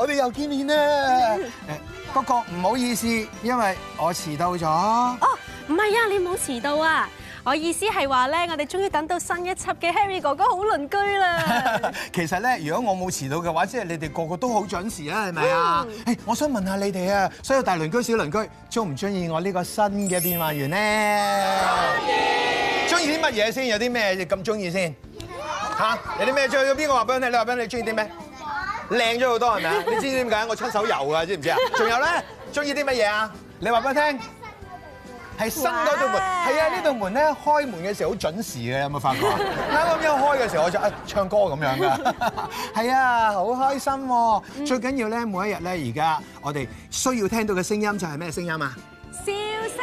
我哋又見面咧，不過唔好意思，因為我遲到咗。哦，唔係啊，你冇遲到啊，我意思係話咧，我哋終於等到新一輯嘅 Harry 哥哥好鄰居啦。其實咧，如果我冇遲到嘅話，即係你哋個個都好準時啦，係咪啊？誒，我想問下你哋啊，所有大鄰居、小鄰居，中唔中意我呢個新嘅變幻員咧？中意。中意啲乜嘢先？有啲咩咁中意先？嚇，有啲咩中意？邊個話俾我聽？你話俾我聽，你中意啲咩？靚咗好多係咪啊？ 你知唔知點解啊？我親手油㗎，知唔知啊？仲有咧，中意啲乜嘢啊？你話俾我聽，係新嗰道門，係啊，呢道門咧，開門嘅時候好準時嘅，有冇發覺啊？啱啱一開嘅時候，我就啊唱歌咁樣㗎，係啊，好開心喎！最緊要咧，每一日咧，而家我哋需要聽到嘅聲音就係咩聲音啊？笑聲，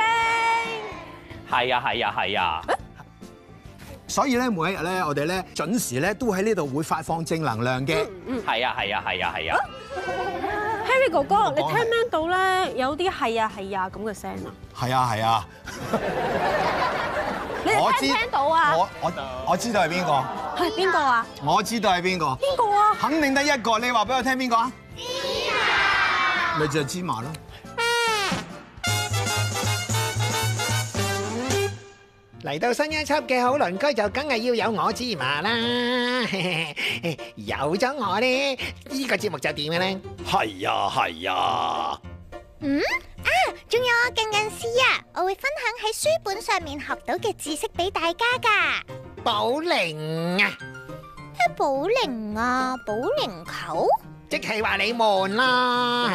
係啊，係啊，係啊。所以咧，每一日咧，我哋咧，準時咧，都喺呢度會發放正能量嘅。嗯，係啊，係啊，係啊，係啊。Harry 哥哥，你聽唔聽到咧？有啲係啊係啊咁嘅聲啊。係啊係啊。你聽唔聽到啊？我知。我我我知道係邊個。係邊個啊？我知道係邊個。邊個啊？肯定得一個，你話俾我聽邊個啊？芝麻。咪就係芝麻咯。嚟到新一輯嘅好鄰居就梗係要有我芝麻啦，有咗我咧，呢個節目就點嘅咧？係呀，係呀。嗯啊，仲有我更近視啊，我會分享喺書本上面學到嘅知識俾大家噶。保齡啊？咩保齡啊？保齡球？即係話你悶啦？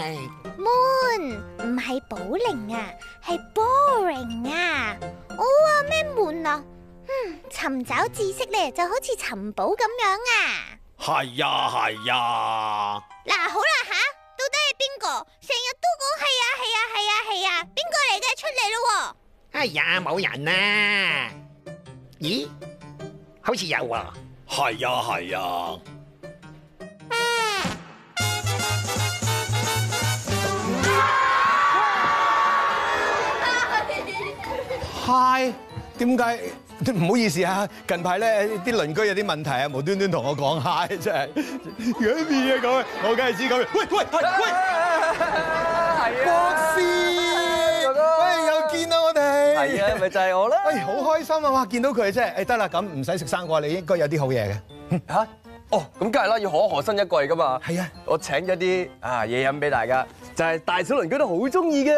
悶？唔係保齡啊，係 boring 啊。哦啊！咩門啊？嗯，尋找知識咧，就好似尋寶咁樣啊！係啊，係啊！嗱，好啦吓，到底係邊個？成日都講係啊，係啊，係啊，係啊，邊個嚟嘅？出嚟咯！哎呀，冇人啊！咦？好似有啊！係啊，係啊！Hi，點解唔好意思啊？近排咧啲鄰居有啲問題啊，無端端同我講 Hi 真係，講啲乜嘢講？我梗係知咁樣。喂喂，喂，博士，喂又見到我哋，係啊，咪就係我啦。好開心啊！哇，見到佢真係，哎得啦，咁唔使食生果，你應該有啲好嘢嘅嚇。哦，咁梗係啦，要可可新一季㗎嘛？係啊，我請咗啲啊嘢飲俾大家，就係大小鄰居都好中意嘅。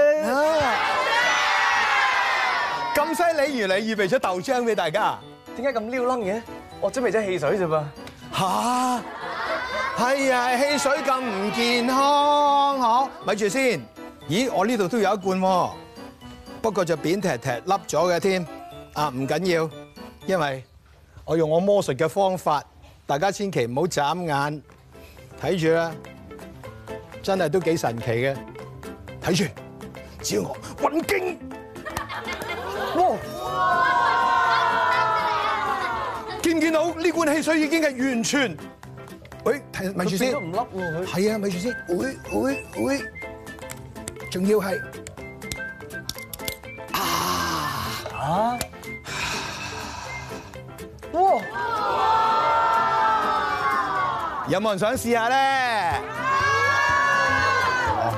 咁犀利，如你預備咗豆漿俾大家，點解咁撩楞嘅？我準備咗汽水啫噃、啊。吓、啊？係啊，汽水咁唔健康，嗬？咪住先。咦，我呢度都有一罐喎、啊，不過就扁踢踢凹咗嘅添。啊，唔緊要，因為我用我魔術嘅方法，大家千祈唔好眨眼，睇住啊。真係都幾神奇嘅，睇住，只要我運經。罐汽水已經係完全，佢睇，咪住先。佢先都唔甩喎，佢。係啊，咪住先，喂喂喂，仲要係。啊！哇！有冇人想試下咧？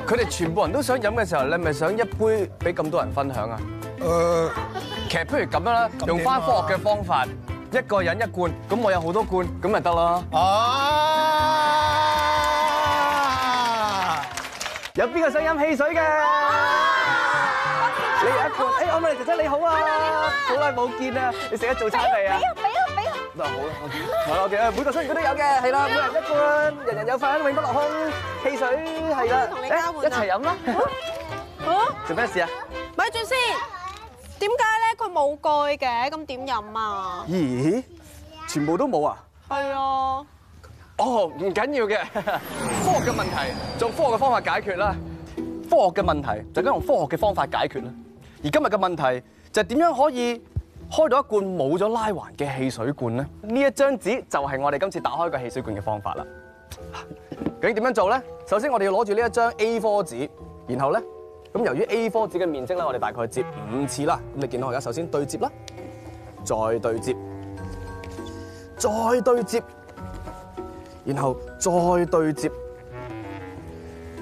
佢哋全部人都想飲嘅時候，你係咪想一杯俾咁多人分享啊？誒，其實不如咁樣啦，用返科學嘅方法。一個人一罐，咁我有好多罐，咁咪得咯。哦，有邊個想飲汽水㗎？你有一罐，哎，我咪嚟，姐姐你好啊，好耐冇見啊，你成日做親未啊？俾啊俾啊俾啊！都好啦，係啦，我哋每個出邊都有嘅，係啦，每人一罐，人人有份，永不落空，汽水係啦，誒，一齊飲啦。好，做咩事啊？咪住先，點解？佢冇蓋嘅，咁點飲啊？咦？全部都冇是啊？係啊。哦，唔緊要嘅。科學嘅問題，就科學嘅方法解決啦。科學嘅問題，就用科學嘅方法解決啦。而今日嘅問題，就點樣可以開到一罐冇咗拉環嘅汽水罐呢？呢一張紙就係我哋今次打開個汽水罐嘅方法啦。究竟點樣做咧？首先我哋要攞住呢一張 A4 紙，然後咧。咁由於 A4 紙嘅面積咧，我哋大概接五次啦。咁你見到而家首先對接啦，再對接，再對接，然後再對接。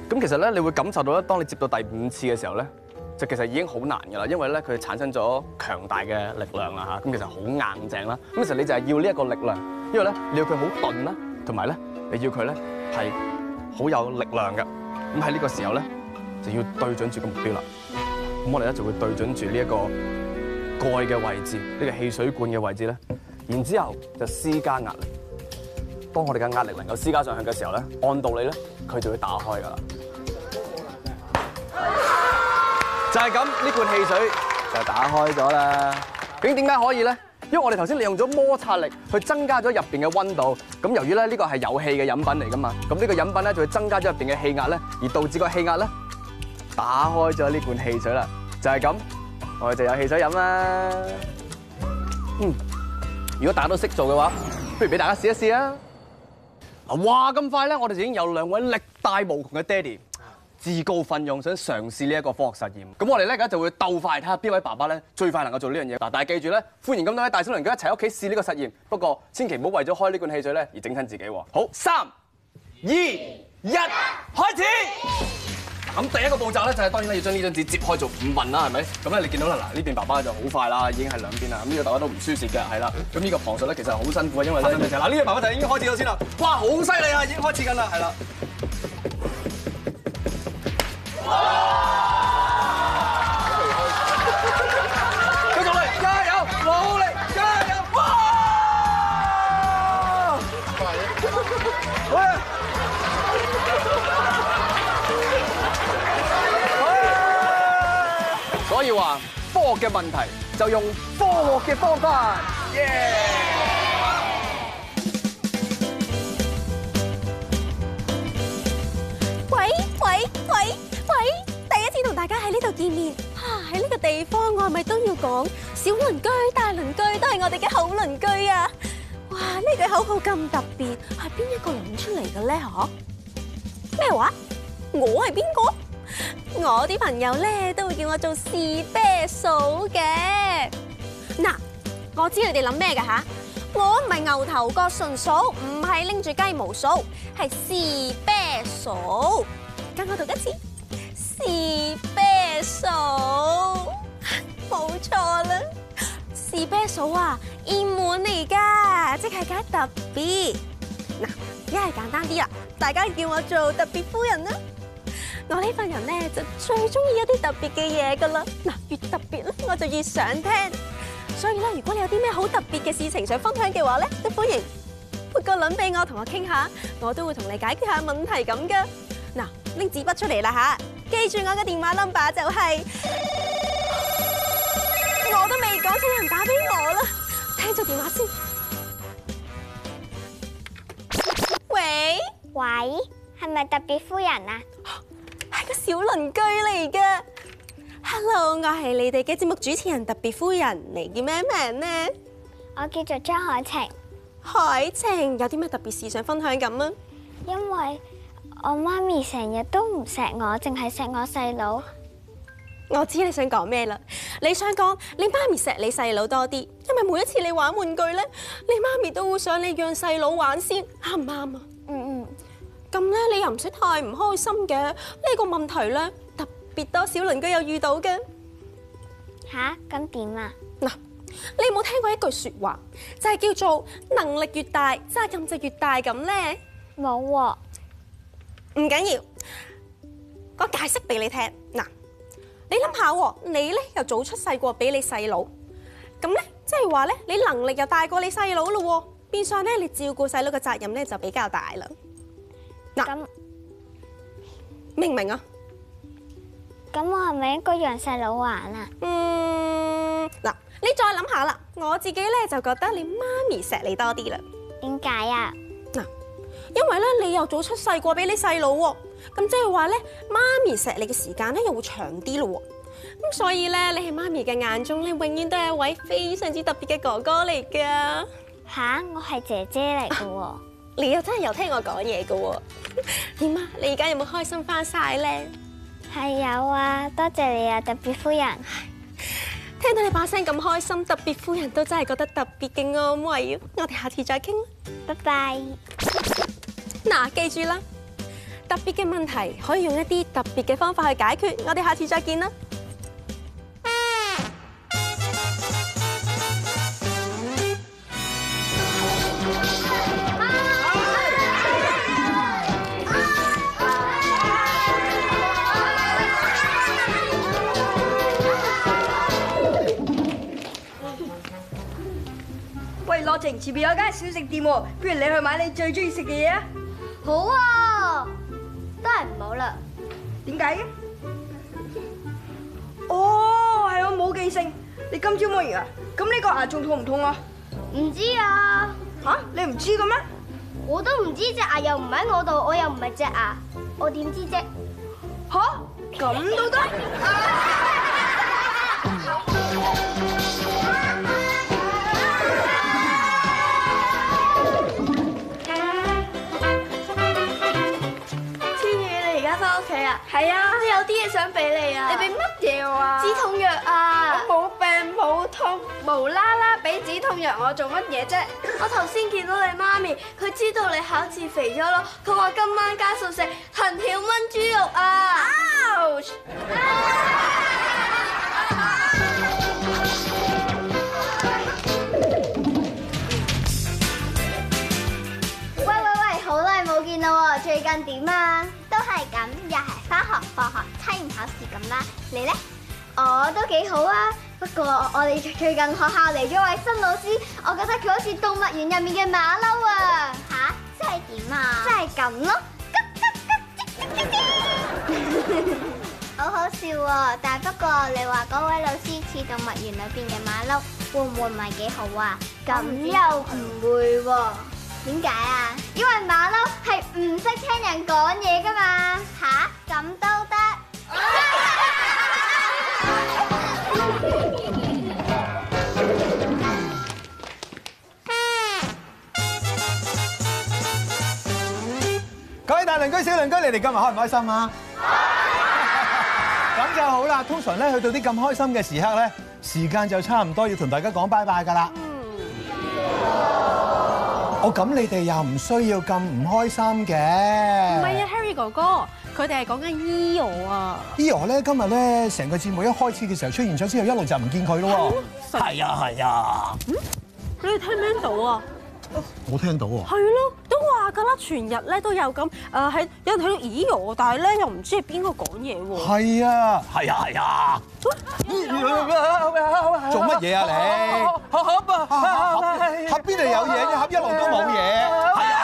咁其實咧，你會感受到咧，當你接到第五次嘅時候咧，就其實已經好難噶啦，因為咧佢產生咗強大嘅力量啦嚇。咁其實好硬淨啦。咁其實你就係要呢一個力量，因為咧你要佢好鈍啦，同埋咧你要佢咧係好有力量嘅。咁喺呢個時候咧。就要對準住個目標啦。咁我哋咧就會對準住呢一個蓋嘅位置，呢個汽水罐嘅位置咧，然之後就施加壓力。當我哋嘅壓力能夠施加上去嘅時候咧，按道理咧，佢就會打開㗎啦。就係咁，呢罐汽水就打開咗啦。咁點解可以咧？因為我哋頭先利用咗摩擦力去增加咗入邊嘅溫度。咁由於咧呢個係有氣嘅飲品嚟㗎嘛，咁呢個飲品咧就會增加咗入邊嘅氣壓咧，而導致個氣壓咧。打開咗呢罐汽水啦，就係咁，我哋就有汽水飲啦。嗯，如果大家都識做嘅話，不如俾大家試一試啊。嗱，哇，咁快咧，我哋已經有兩位力大無窮嘅爹哋自告奮勇想嘗試呢一個科學實驗。咁我哋咧而家就會鬥快，睇下邊位爸爸咧最快能夠做呢樣嘢。嗱，但係記住咧，歡迎咁多位大小朋友一齊喺屋企試呢個實驗。不過千祈唔好為咗開呢罐汽水咧而整親自己。好，三、二、一，開始。咁第一個步驟咧就係當然要將呢張紙折開做五份啦，係咪？咁咧你見到啦嗱，呢邊爸爸就好快啦，已經係兩邊啦。咁呢個大家都唔輸蝕嘅，係啦。咁呢個旁述咧其實好辛苦啊，因為嗱呢、呢個爸爸就已經開始咗先啦，哇！好犀利啊，已經開始緊啦，係啦。話科學嘅問題就用科學嘅方法。喂喂喂喂，第一次同大家喺呢度見面，吓，喺呢個地方我係咪都要講，小鄰居大鄰居都係我哋嘅好鄰居啊？哇，呢句口號咁特別，係邊一個諗出嚟嘅咧？嗬？咩話？我係邊個？我啲朋友咧都會叫我做士啤嫂嘅。嗱，我知你哋諗咩噶吓，我唔係牛頭角純嫂，唔係拎住雞毛嫂，係士啤嫂。跟我讀一次，士啤嫂，冇錯啦。士啤嫂啊，燕門嚟噶，即係加特別。嗱，一係簡單啲啦，大家叫我做特別夫人啦。我呢份人咧就最中意一啲特別嘅嘢噶啦，嗱，越特別咧我就越想聽，所以咧如果你有啲咩好特別嘅事情想分享嘅話咧都歡迎撥個輪俾我同我傾下，我都會同你解決下問題咁噶。嗱，拎紙筆出嚟啦吓，記住我嘅電話 number 就係，我都未講先有人打俾我啦，聽咗電話先。喂，喂，係咪特別夫人啊？一個小鄰居嚟噶，Hello，我係你哋嘅節目主持人特別夫人，你叫咩名呢？我叫做張海晴。海晴有啲咩特別事想分享咁啊？因為我媽咪成日都唔錫我，淨係錫我細佬。我知你想講咩啦？你想講你媽咪錫你細佬多啲，因為每一次你玩玩具呢，你媽咪都會想你讓細佬玩先，啱唔啱啊？咁咧，你又唔使太唔開心嘅。呢個問題咧，特別多小鄰居有遇到嘅。吓，咁點啊？嗱，你有冇聽過一句說話，就係叫做能力越大，責任就越大咁咧？冇，唔緊要，我解釋俾你聽嗱。你諗下，你咧又早出世過比你細佬，咁咧即係話咧，你能力又大過你細佬咯，變相咧你照顧細佬嘅責任咧就比較大啦。嗱，明唔明啊？咁我係咪應該讓細佬玩啊？嗯，嗱，你再諗下啦。我自己咧就覺得你媽咪錫你多啲啦。點解啊？嗱，因為咧你又早出世過俾你細佬，咁即係話咧媽咪錫你嘅時間咧又會長啲咯。咁所以咧你喺媽咪嘅眼中咧永遠都係一位非常之特別嘅哥哥嚟噶。吓，我係姐姐嚟噶喎。你又真係又聽我講嘢噶喎？點啊？你而家有冇開心翻晒咧？係有啊，多謝你啊，特別夫人。聽到你把聲咁開心，特別夫人都真係覺得特別嘅安慰啊！我哋下次再傾，拜拜。嗱，記住啦，特別嘅問題可以用一啲特別嘅方法去解決。我哋下次再見啦。前邊有間小食店喎，不如你去買你最中意食嘅嘢啊！好啊，都係唔好啦。點解嘅？哦，係我冇記性。你今朝摸完啊？咁呢個牙仲痛唔痛啊？唔知啊。吓？你唔知噶咩？我都唔知，隻牙又唔喺我度，我又唔係隻牙，我點知啫？吓？咁都得？係啊，我有啲嘢想俾你啊，你俾乜嘢我啊？止痛藥啊，我沒有！我冇病冇痛，無啦啦俾止痛藥我做乜嘢啫？我頭先見到你媽咪，佢知道你考試肥咗咯，佢話今晚加餸食藤條炆豬肉啊！放學測驗考試咁啦，你咧？我都幾好啊，不過我哋最近學校嚟咗位新老師，我覺得佢好似動物園入面嘅馬騮啊！吓，即係點啊？即係咁咯。好 好笑喎，但不過你話嗰位老師似動物園裏邊嘅馬騮，會唔會唔係幾好啊？咁又唔會喎。啊。點解啊？因為馬騮係唔識聽人講嘢㗎嘛。吓？咁都得。各位大鄰居小鄰居，你哋今日開唔開心啊？好，咁就好啦。通常咧，去到啲咁開心嘅時刻咧，時間就差唔多要同大家講拜拜㗎啦。哦，咁你哋又唔需要咁唔開心嘅。唔係啊，Harry 哥哥，佢哋係講緊 EO 啊。EO 咧今日咧成個節目一開始嘅時候出現咗之後，一路就唔見佢咯喎。係啊係啊。啊啊嗯？你哋聽唔聽到啊？我聽到啊。係咯，啊。都話噶啦，全日咧都有咁、啊，誒係有人睇到伊羅，但係咧又唔知係邊個講嘢喎。係啊，係啊，係啊。做乜嘢啊你？盒邊啊？盒邊度有嘢，盒一路都冇嘢。係啊！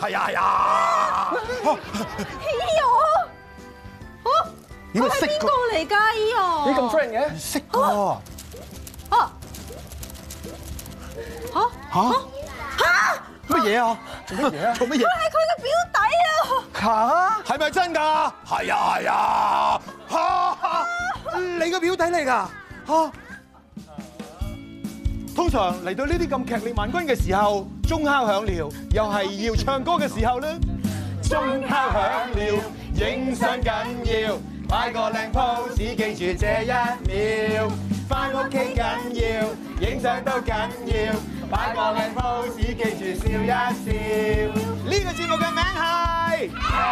係啊！伊羅，我係邊個嚟㗎？咦羅，你咁 friend 嘅？識㗎。吓吓，乜嘢啊？做乜嘢啊？做乜嘢？佢係佢嘅表弟啊！吓，係咪真噶？係啊！係啊！吓，你個表弟嚟噶吓？通常嚟到呢啲咁劇力萬鈞嘅時候，鐘敲響了，又係要唱歌嘅時候啦。鐘敲響了，影相緊要，擺個靚 pose，記住這一秒，翻屋企緊要，影相都緊要。擺個靚 pose，記住笑一笑這節。呢個節目嘅名係。